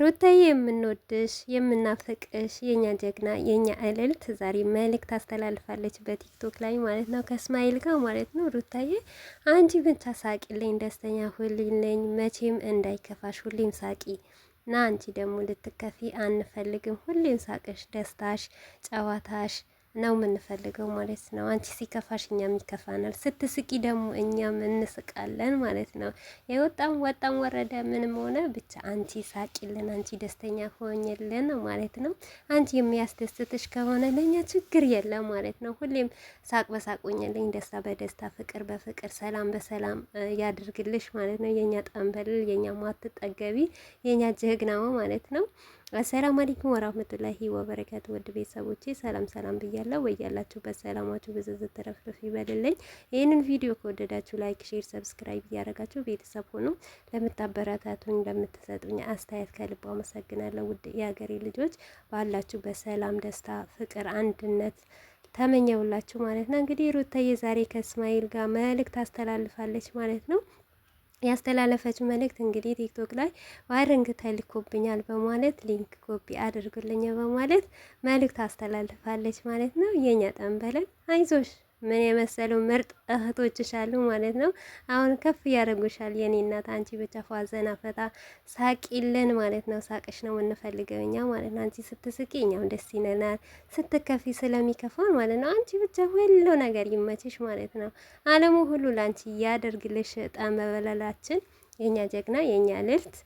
ሩታዬ የምንወድሽ የምናፈቅሽ የኛ ጀግና የኛ እልልት ዛሬ መልእክት አስተላልፋለች በቲክቶክ ላይ ማለት ነው፣ ከእስማኤል ጋር ማለት ነው። ሩታዬ አንቺ ብቻ ሳቂልኝ፣ ደስተኛ ሁልኝ፣ መቼም እንዳይከፋሽ፣ ሁሌም ሳቂ ና። አንቺ ደግሞ ልትከፊ አንፈልግም። ሁሌም ሳቅሽ፣ ደስታሽ፣ ጨዋታሽ ነው የምንፈልገው ማለት ነው። አንቺ ሲከፋሽ እኛም ይከፋናል፣ ስትስቂ ደግሞ እኛም እንስቃለን ማለት ነው። የወጣም ወጣም ወረደ ምንም ሆነ ብቻ አንቺ ሳቂልን፣ አንቺ ደስተኛ ሆኝልን ማለት ነው። አንቺ የሚያስደስትሽ ከሆነ ለእኛ ችግር የለም ማለት ነው። ሁሌም ሳቅ በሳቅ ሆኝልኝ፣ ደስታ በደስታ ፍቅር በፍቅር ሰላም በሰላም ያድርግልሽ ማለት ነው። የእኛ ጠንበልል፣ የእኛ ማትጠገቢ፣ የእኛ ጀግናው ማለት ነው። አሰላሙ አለይኩም ወራህመቱላሂ ወበረካቱ። ውድ ቤተሰቦቼ ሰላም ሰላም ብያለሁ። በያላችሁበት ሰላማችሁ ብዝዝት ተረፍርፍ ይበልልኝ። ይህንን ቪዲዮ ከወደዳችሁ ላይክ፣ ሼር፣ ሰብስክራይብ እያደረጋችሁ ቤተሰብ ሆኑ። ለምታበረታቱኝ፣ ለምትሰጡኝ አስተያየት ከልብ አመሰግናለሁ። ውድ የሀገሬ ልጆች ባላችሁ በሰላም ደስታ፣ ፍቅር፣ አንድነት ተመኘውላችሁ ማለት ነው። እንግዲህ ሩታዬ ዛሬ ከእስማኤል ጋር መልእክት አስተላልፋለች ማለት ነው። ያስተላለፈች መልእክት እንግዲህ ቲክቶክ ላይ ዋይረንግ ተልኮብኛል በማለት ሊንክ ኮፒ አድርጉልኝ በማለት መልእክት አስተላልፋለች ማለት ነው። የኛ ጠንበለን አይዞሽ ምን የመሰሉ ምርጥ እህቶችሽ አሉ ማለት ነው። አሁን ከፍ እያደረጉሻል የኔ እናት። አንቺ ብቻ ፏዘና ፈታ ሳቂልን ማለት ነው። ሳቅሽ ነው የምንፈልገው እኛ ማለት ነው። አንቺ ስትስቂ እኛም ደስ ይለናል፣ ስትከፊ ስለሚከፋን ማለት ነው። አንቺ ብቻ ሁሉ ነገር ይመችሽ ማለት ነው። አለሙ ሁሉ ለአንቺ ያደርግልሽ። ጣመበለላችን የእኛ ጀግና፣ የእኛ ልልት፣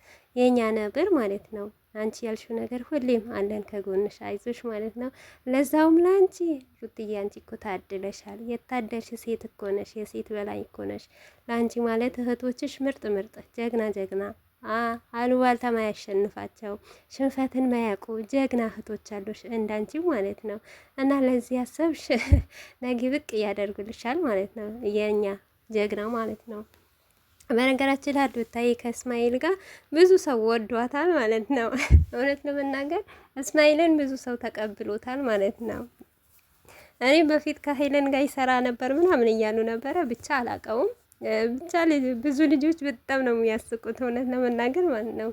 የእኛ ነብር ማለት ነው። አንቺ ያልሽው ነገር ሁሌም አለን ከጎንሽ፣ አይዞሽ ማለት ነው። ለዛውም ለአንቺ ሩትዬ፣ አንቺ እኮ ታድለሻል። የታደልሽ ሴት እኮ ነሽ፣ የሴት በላይ እኮ ነሽ። ለአንቺ ማለት እህቶችሽ ምርጥ ምርጥ ጀግና ጀግና አሉባልታ ማያሸንፋቸው ሽንፈትን ማያውቁ ጀግና እህቶች አሉሽ፣ እንዳንቺ ማለት ነው። እና ለዚህ ያሰብሽ ነገ ብቅ እያደርጉልሻል ማለት ነው፣ የእኛ ጀግና ማለት ነው። በነገራችን ላይ ሩታዬ ከእስማኤል ጋር ብዙ ሰው ወዷታል ማለት ነው። እውነት ለመናገር እስማኤልን ብዙ ሰው ተቀብሎታል ማለት ነው። እኔ በፊት ከሄለን ጋር ይሰራ ነበር ምናምን እያሉ ነበረ። ብቻ አላቀውም። ብቻ ብዙ ልጆች በጣም ነው የሚያስቁት፣ እውነት ለመናገር ማለት ነው።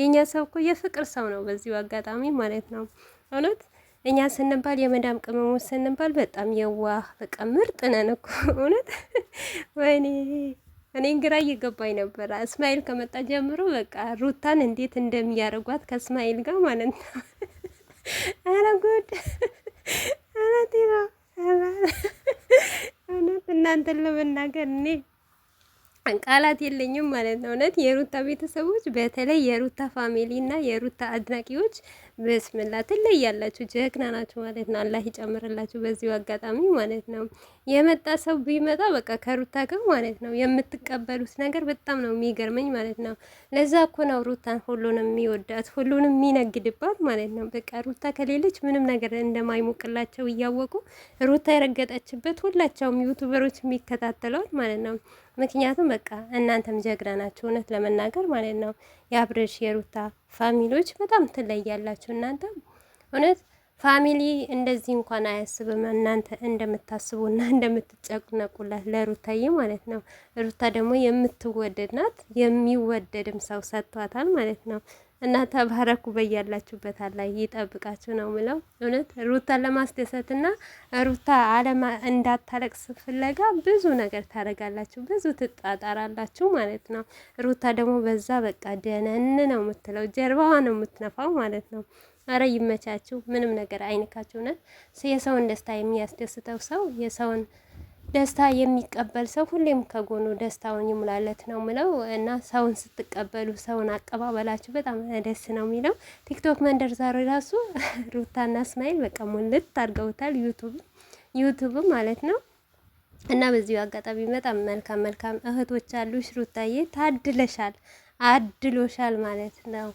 የእኛ ሰው እኮ የፍቅር ሰው ነው፣ በዚሁ አጋጣሚ ማለት ነው። እውነት እኛ ስንባል የመዳም ቅመሞች ስንባል በጣም የዋህ በቃ ምርጥ ነን እኮ እውነት ወይኔ እኔን ግራ እየገባኝ ነበረ። እስማኤል ከመጣ ጀምሮ በቃ ሩታን እንዴት እንደሚያደርጓት ከእስማኤል ጋር ማለት ነው። ኧረ ጉድ! እውነት እናንተን ለመናገር እኔ ቃላት የለኝም ማለት ነው። እውነት የሩታ ቤተሰቦች በተለይ የሩታ ፋሚሊ እና የሩታ አድናቂዎች በስምላ ትለያላችሁ፣ ጀግና ናችሁ ማለት ነው። አላህ ይጨምርላችሁ። በዚሁ አጋጣሚ ማለት ነው የመጣ ሰው ቢመጣ በቃ ከሩታ ጋር ማለት ነው የምትቀበሉት ነገር በጣም ነው የሚገርመኝ ማለት ነው። ለዛ እኮ ነው ሩታን ሁሉንም የሚወዳት ሁሉንም የሚነግድባት ማለት ነው። በቃ ሩታ ከሌለች ምንም ነገር እንደማይሞቅላቸው እያወቁ ሩታ የረገጠችበት ሁላቸውም ዩቱበሮች የሚከታተለዋል ማለት ነው። ምክንያቱም በቃ እናንተም ጀግና ናችሁ፣ እውነት ለመናገር ማለት ነው። የአብርሽ የሩታ ፋሚሊዎች በጣም ትለያላችሁ እናንተ እውነት ፋሚሊ እንደዚህ እንኳን አያስብም። እናንተ እንደምታስቡና እንደምትጨነቁላት ለሩታዬ ማለት ነው። ሩታ ደግሞ የምትወደድ ናት፣ የሚወደድም ሰው ሰጥቷታል ማለት ነው። እና ተባረኩ በያላችሁበት አላህ ይጠብቃችሁ ነው ምለው። እውነት ሩታ ለማስደሰት እና ሩታ አለማ እንዳታለቅስ ፍለጋ ብዙ ነገር ታደርጋላችሁ፣ ብዙ ትጣጣራላችሁ ማለት ነው። ሩታ ደግሞ በዛ በቃ ደነን ነው የምትለው፣ ጀርባዋ ነው የምትነፋው ማለት ነው። አረ ይመቻችሁ፣ ምንም ነገር አይንካችሁ። እውነት የሰውን ደስታ የሚያስደስተው ሰው የሰውን ደስታ የሚቀበል ሰው ሁሌም ከጎኑ ደስታውን ይሙላለት ነው ምለው እና ሰውን ስትቀበሉ ሰውን አቀባበላችሁ በጣም ደስ ነው የሚለው። ቲክቶክ መንደር ዛሬ ራሱ ሩታና እስማኤል በቃ ሙልት አድርገውታል። ዩቱብ ዩቱብም ማለት ነው። እና በዚሁ አጋጣሚ በጣም መልካም መልካም እህቶች አሉሽ። ሩታዬ ታድለሻል፣ አድሎሻል ማለት ነው።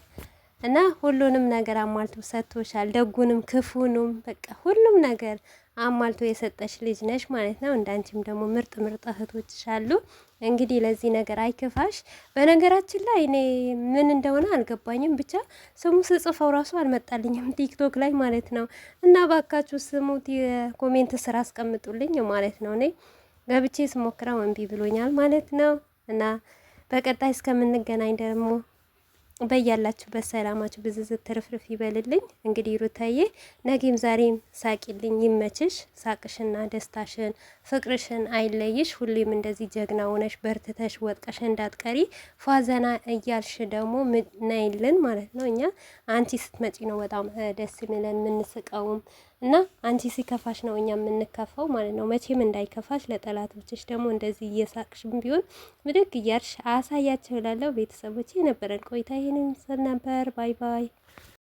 እና ሁሉንም ነገር አሟልቶ ሰጥቶሻል። ደጉንም ክፉንም በቃ ሁሉም ነገር አሟልቶ የሰጠሽ ልጅ ነሽ ማለት ነው። እንዳንቺም ደግሞ ምርጥ ምርጥ እህቶችሽ አሉ። እንግዲህ ለዚህ ነገር አይክፋሽ። በነገራችን ላይ እኔ ምን እንደሆነ አልገባኝም፣ ብቻ ስሙ ስጽፈው ራሱ አልመጣልኝም ቲክቶክ ላይ ማለት ነው። እና ባካችሁ ስሙት፣ የኮሜንት ስራ አስቀምጡልኝ ማለት ነው። እኔ ገብቼ ስሞክረው እምቢ ብሎኛል ማለት ነው። እና በቀጣይ እስከምንገናኝ ደግሞ በያላችሁበት በሰላማችሁ ብዝዝት ትርፍርፍ ይበልልኝ። እንግዲህ ሩታዬ ነገም ዛሬም ሳቂልኝ፣ ይመችሽ። ሳቅሽና ደስታሽን ፍቅርሽን አይለይሽ። ሁሌም እንደዚህ ጀግና ሆነሽ በርትተሽ ወጥቀሽ እንዳትቀሪ ፏዘና እያልሽ ደግሞ ምናይልን ማለት ነው። እኛ አንቺ ስትመጪ ነው በጣም ደስ የሚለን የምንስቀውም እና አንቺ ሲከፋሽ ነው እኛ የምንከፋው ማለት ነው። መቼም እንዳይከፋሽ ለጠላቶችሽ ደግሞ እንደዚህ እየሳቅሽም ቢሆን ምድግ እያርሽ አሳያቸው። ላለው ቤተሰቦች የነበረን ቆይታ ይህንን ስል ነበር። ባይ ባይ።